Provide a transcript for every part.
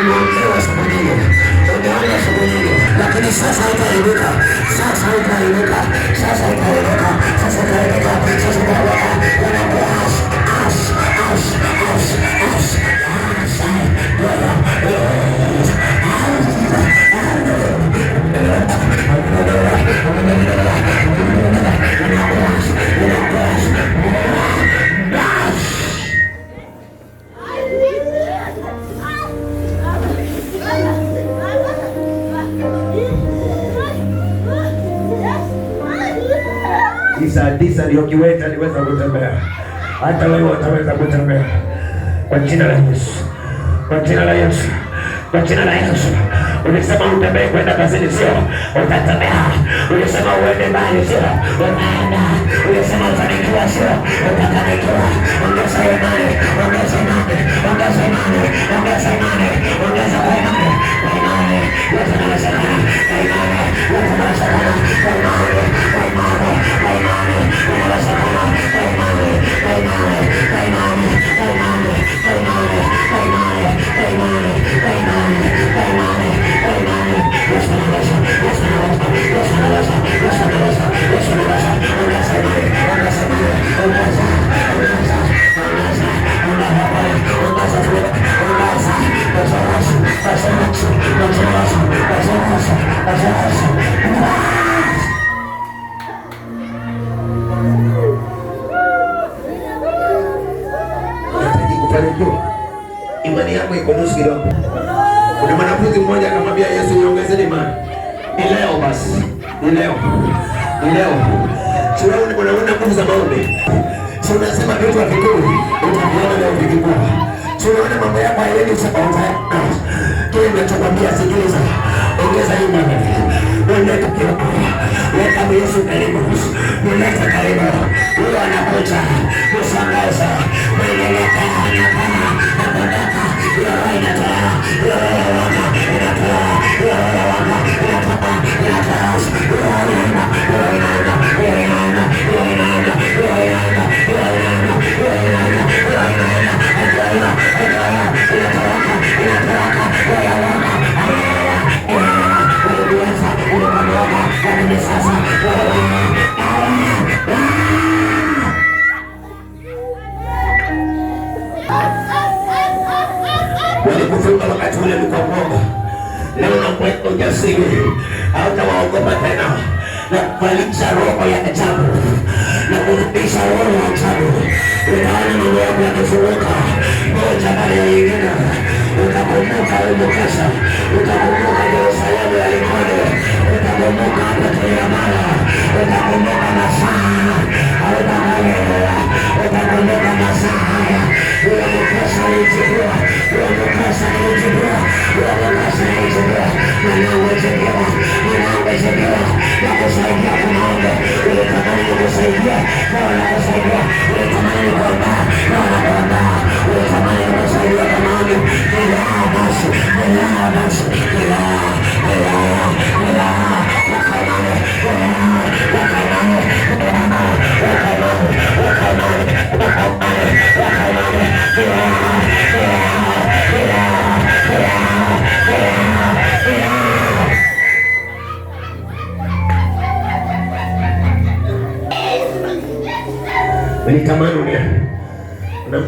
umeongewa siku nyingi, umeona siku nyingi, lakini sasa utainuka, sasa utainuka, sasa utainuka, sasa utainuka, sasa utainuka, wanakuwa hasa saa tisa ndio kiwete aliweza kutembea. Hata wewe utaweza kutembea kwa jina la Yesu, kwa jina la Yesu, kwa jina la Yesu. Ulisema utembee kwenda kazini, sio? Utatembea. Ulisema uende mbali, sio? Utaenda. Ulisema utanikiwa, sio? Utatanikiwa. Ongeza imani, ongeza imani, ongeza imani, ongeza imani. Ni leo basi, ni leo, ni leo. Unaona nguvu za maombi, si unasema vitu havikui, utaviona leo vikikua. Si unaona mambo yako hayaendi sababu kile ninachokwambia, sikiliza, ongeza imani, weka weka Yesu karibu, muleta karibu, huyo anakuja msangaza, weleleka anapaa, anapondaka, roho inatoa, roho inatoa Walikufunga wakati ule mkongoma na unakuweka ujasiri, hautawaogopa tena na kuvalisha roho ya ajabu na kurudisha roho ya ajabu. Unaona mambo yako yamefunguka, moja baada ya nyingine. Utakumbuka umukasa, utakumbuka Yerusalemu ya Likoni, utakumbuka hata Tuyamara, utakumbuka masaa arobaini Yeah.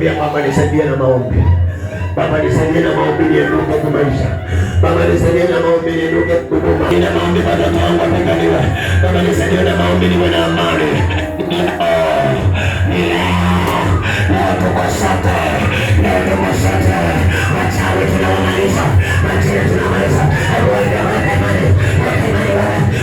Mwambia Baba nisaidie na maombi. Baba nisaidie na maombi nienduke kwa maisha. Baba nisaidie na maombi nienduke kwa maisha. Nina maombi baada ya Mungu atakaliwa. Baba nisaidie na maombi niwe na amani. Natukosate, oh, natukosate, wachawi tunawamaliza, wachawi tunawamaliza, wende wende mani, wende mani wende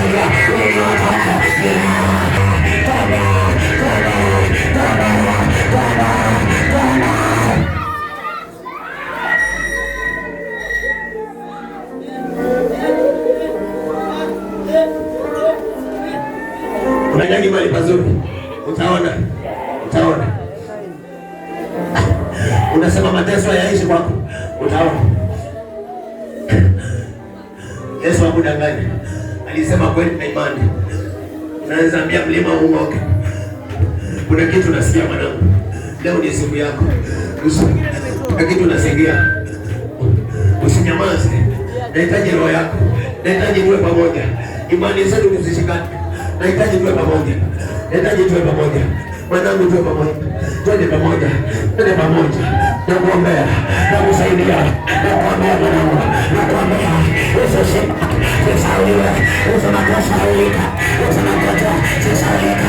Bye-bye. ya mlima uoga. Kuna kitu nasikia mwanangu, leo ni siku yako. Kuna kitu nasikia, usinyamaze. Nahitaji roho yako, nahitaji tuwe pamoja. Imani zetu tuzishikane, nahitaji tuwe pamoja, nahitaji tuwe pamoja mwanangu, tuwe pamoja, twende pamoja, twende pamoja, nakuombea, nakusaidia, nakuombea mwanangu, nakuombea, usisahauliwe, usimakosaulika, usimakosaulika Thank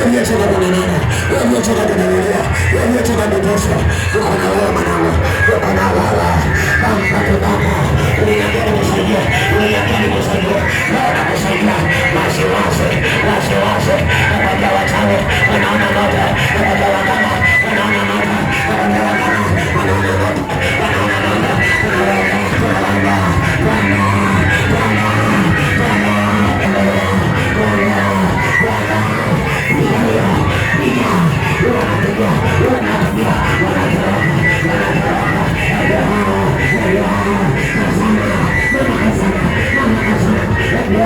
yaliyotoka kwenye neno, yaliyotoka kwenye Biblia, yaliyotoka kwenye Yesu. ambapo Baba unataka kusaidia, unataka kusaidia, na kusaidia wasiwasi, wasiwasi, hata wachawi wanaona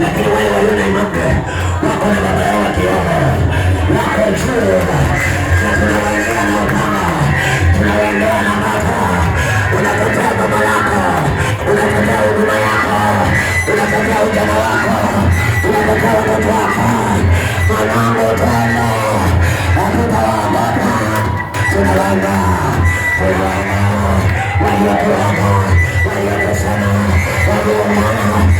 lakini wale walio na imani wako na baba yao wakiona, wako juu, na tunawaendea na upanga, tunawaendea na baba. Unatetea baba yako, unatetea huduma yako, unatetea ujana wako, unatetea watoto wako. Mwanangu twende, hatutawaogopa, tunawaenda, tunawaenda waliotuama, waliotesana, walioumana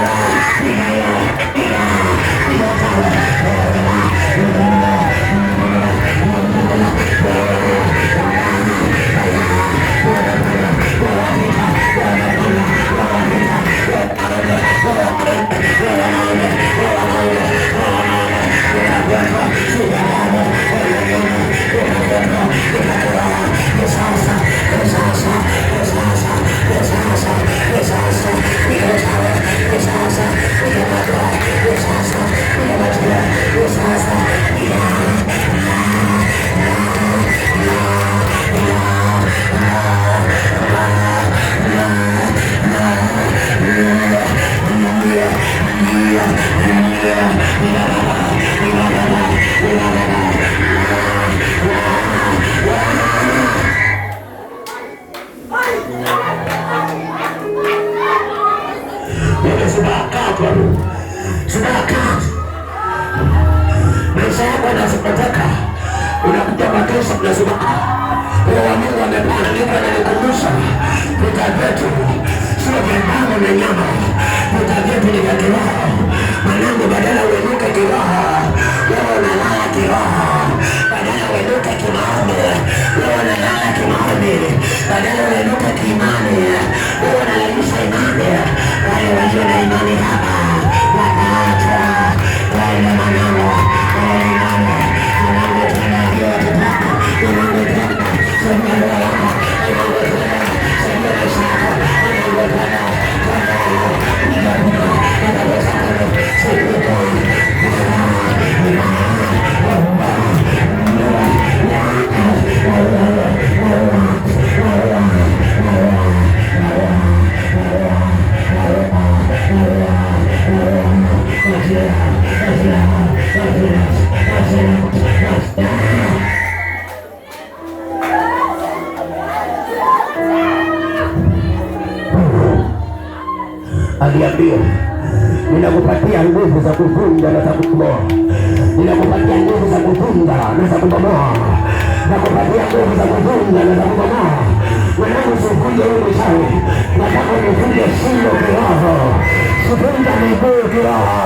nguvu za kuvunja na za kubomoa, ninakupatia nguvu za kuvunja na za kubomoa, nakupatia nguvu za kuvunja na za kubomoa. Mwanangu, sikuje wewe mchawi, nataka nikuje shingo kiroho, sivunja miguu kiroho,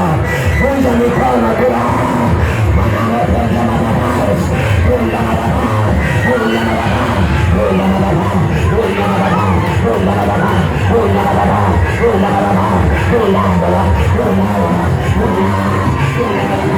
vunja mikono kiroho, mwanangu すごいな。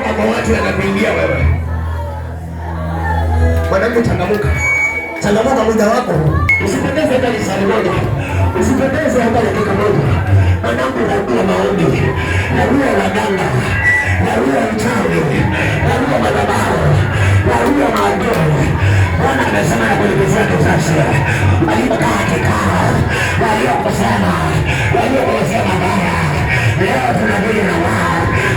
kama kwa watu yanakuingia wewe. Mwanamke, changamuka, changamuka muda wako, usipendeze hata lisali moja, usipendeze hata dakika moja. Mwanangu, nakuwa maombi, nakuwa waganga, nakuwa mchawi, nakuwa madhabahu, nakuwa maadui. Bwana amesema na kuelekeza kizazi waliokaa kikao, waliokusema, waliokusema baya, leo tunakuja na wao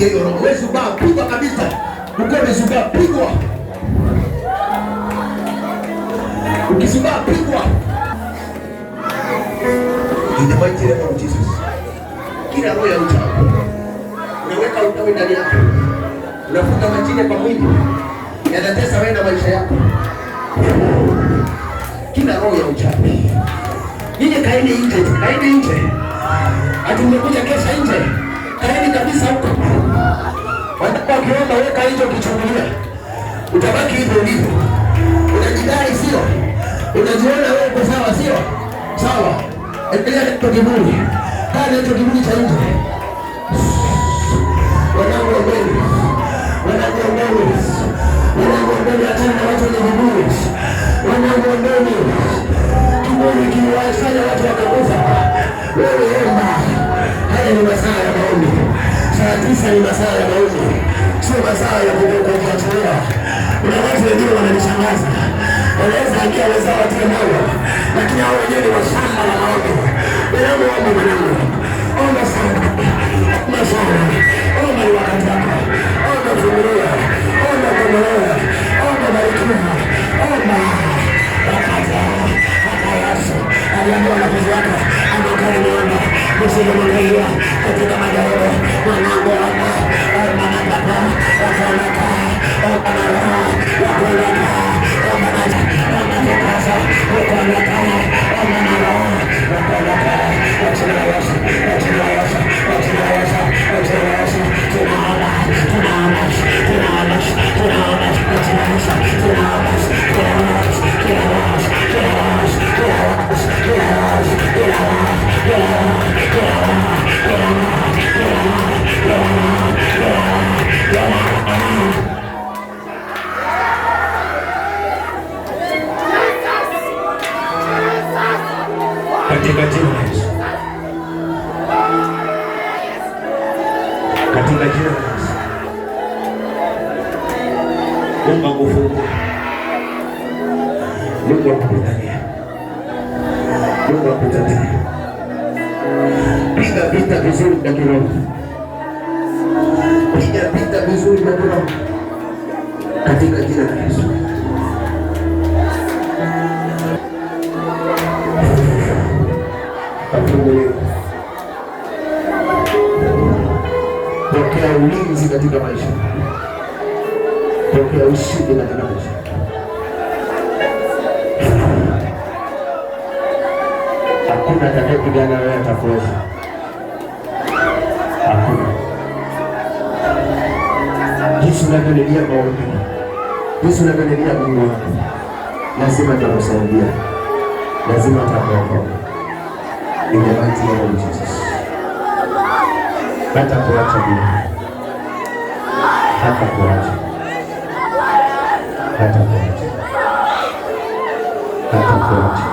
Piga hiyo roho. Wewe zubaa, pigwa kabisa. Uko umezubaa, pigwa. Ukizubaa, pigwa. In the mighty name of Jesus. Kila roho ya uchawi. Unaweka utawi ndani yako. Unafuta majina kwa mwili. Yanatesa wewe na maisha yako. Kila roho ya uchawi. Ninyi kaeni nje, kaeni nje. Ati mmekuja kesha nje. Kaeni kabisa huko. Mungu akiomba, weka hicho kichungulia, utabaki hivyo hivyo. Unajidai sio? Unajiona wewe uko sawa sio? Sawa, endelea na kiburi, kaa na hicho kiburi cha nje. Wanangu wa mbele, wanangu wa mbele, wanangu wa mbele, achana na watu wenye kiburi. Wanangu wa mbele, kiburi kiwafanya watu wakakufa. Wewe omba. Haya ni masaa ya maombi, saa tisa ni masaa ya maombi mazao ya kujitolea. Kuna watu wengine wananishangaza, wanaweza ambia wazao watie moyo, lakini hao wenyewe ni washamba la maombi. Mwanangu, omba mwanangu, omba sana, omba sana, omba ni wakati wako, omba vumilia, omba gomolewa, omba barikiwa, omba wakati hata Yesu aliambiwa wanafunzi wake, anakaa niomba nisilimaliza katika madogo mwanangu ona omanangapa wakoleka omanaa wakoleka omanaa omanipasa ukoleka katika jina la Yesu. Pokea ulinzi katika maisha, pokea ushindi katika maisha. Hakuna atakayepigana wewe, atakuweza. Yesu anavumilia maombi. Yesu anavumilia Mungu wako. Lazima atakusaidia. Lazima atakuokoa. In the mighty name of Jesus. Hata kuacha Mungu. Hata kuacha. Hata kuacha. Hata kuacha.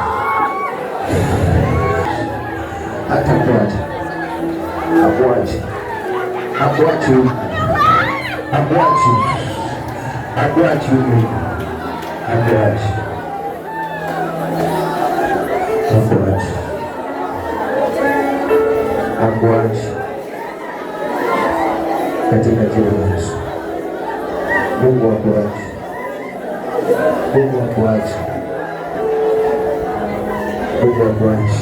Hata kuacha. Hakuachi. Hakuachi akuachi, akuachi Mungu, akuachi, akuachi, akuachi katika jina la Yesu. Mungu akuachi, Mungu akuachi, Mungu akuachi.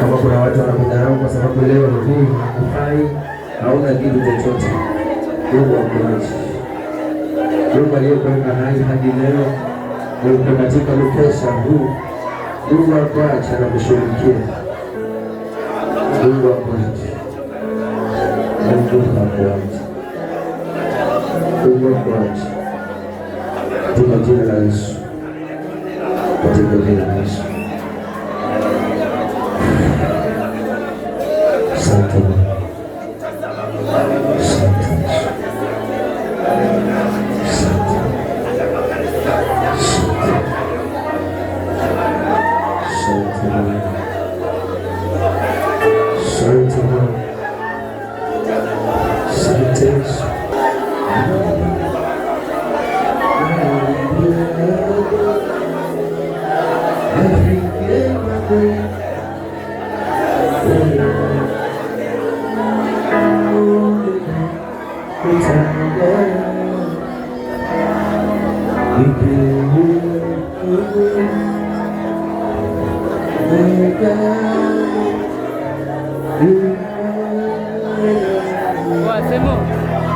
Kama kuna watu wanakudharau kwa sababu leo ni hii, hakufai hauna kitu chochote. Mungu akubariki. Mungu aliyekuweka hai hadi leo, uko katika mkesha huu, Mungu akuache na kushughulikia. Mungu akubariki. Mungu akubariki. Mungu akubariki Katika jina la Yesu. Katika jina la Yesu. hacemos,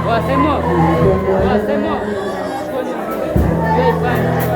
lo hacemos, lo hacemos con Gay Band.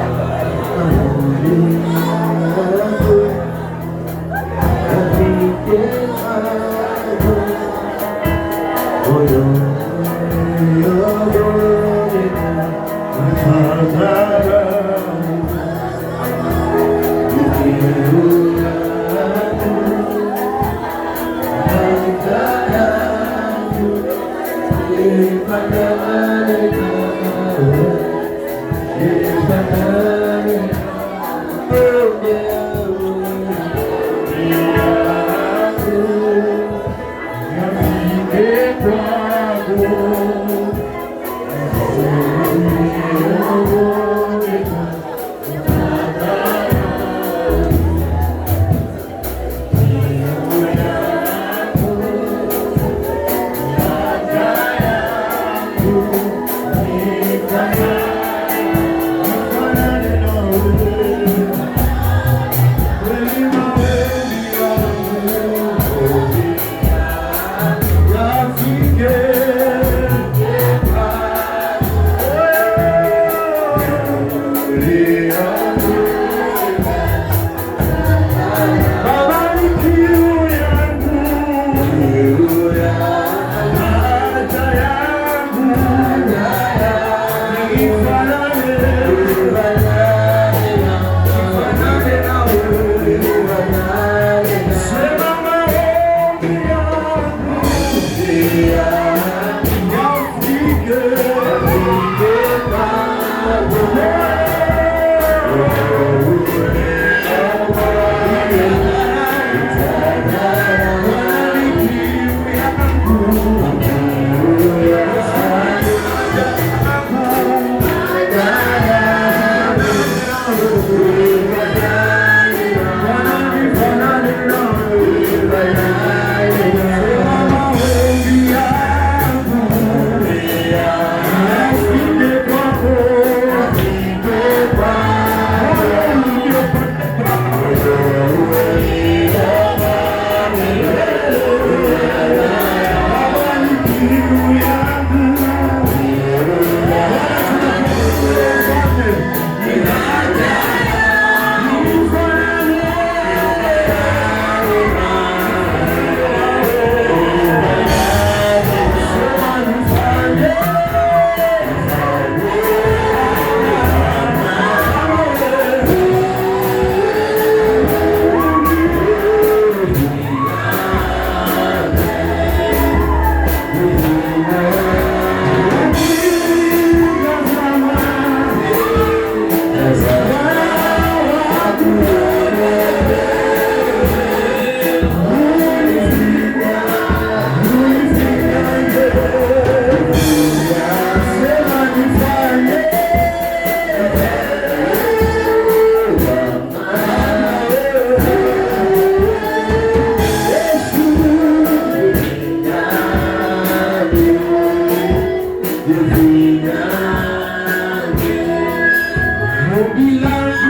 Thank you.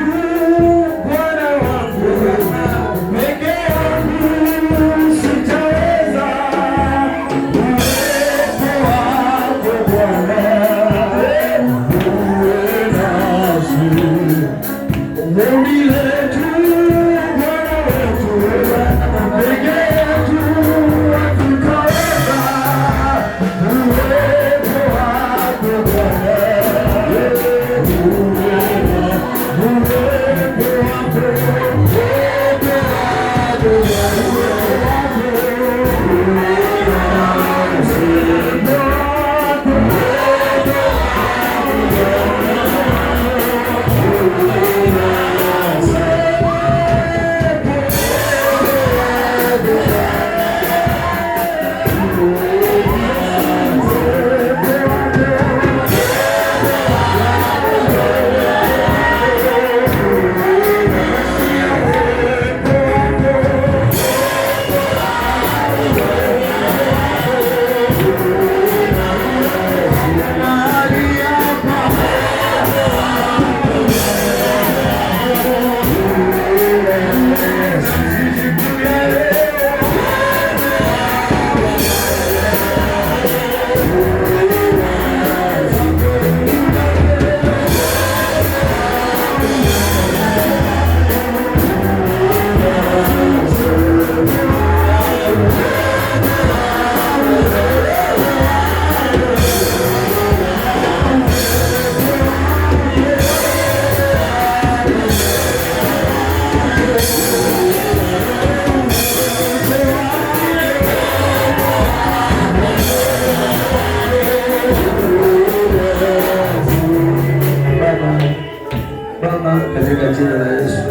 katika jina la Yesu.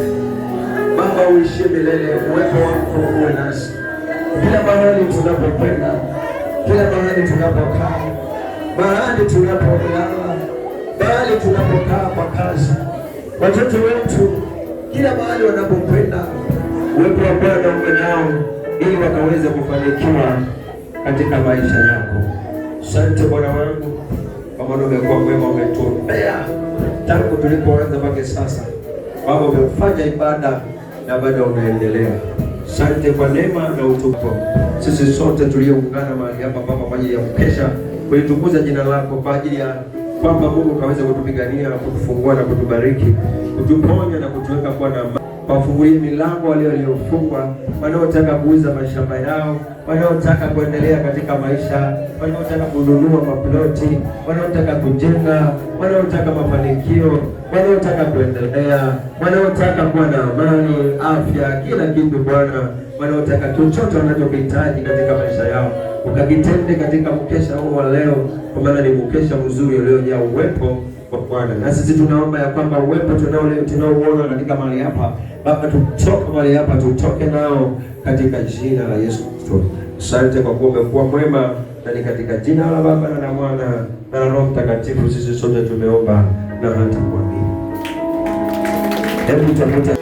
Baba uishie milele, uwepo wako uwe nasi kila mahali tunapokwenda, kila mahali tunapokaa, mahali tunapolala, mahali tunapokaa kwa kazi, watoto wetu, kila mahali wanapokwenda, uwepo wa Bwana uwe nao ili wakaweze kufanikiwa katika maisha yako. Asante Bwana wangu, kwa maana umekuwa mwema, umetuombea tangu tulipoanza mpaka sasa kwamba umefanya ibada na bado unaendelea. Sante kwa neema na utukufu. Sisi sote tulioungana mahali hapa Baba, kwa ajili ya kukesha kulitukuza jina lako, kwa ajili ya kwamba Mungu kaweza kutupigania, kutufungua na kutubariki, kutuponya na kutuweka kuwa na wafungulie milango wale waliofungwa, wanaotaka kuuza mashamba yao, wanaotaka kuendelea katika maisha, wanaotaka kununua maploti, wanaotaka kujenga, wanaotaka mafanikio, wanaotaka kuendelea, wanaotaka kuwa na amani, afya, kila kitu Bwana, wanaotaka chochote wanachokihitaji katika maisha yao ukakitende katika mkesha huu wa leo, kwa maana ni mkesha mzuri uliojaa uwepo kwa Bwana. Na sisi tunaomba ya kwamba uwepo tunaouona katika mahali hapa Baba, tutoke mahali hapa, tutoke nao katika jina la Yesu Kristo. Asante kwa kuwa umekuwa mwema, na ni katika jina la Baba na la Mwana na la Roho Mtakatifu sisi sote tumeomba na hata kuamini. Hebu tutafuta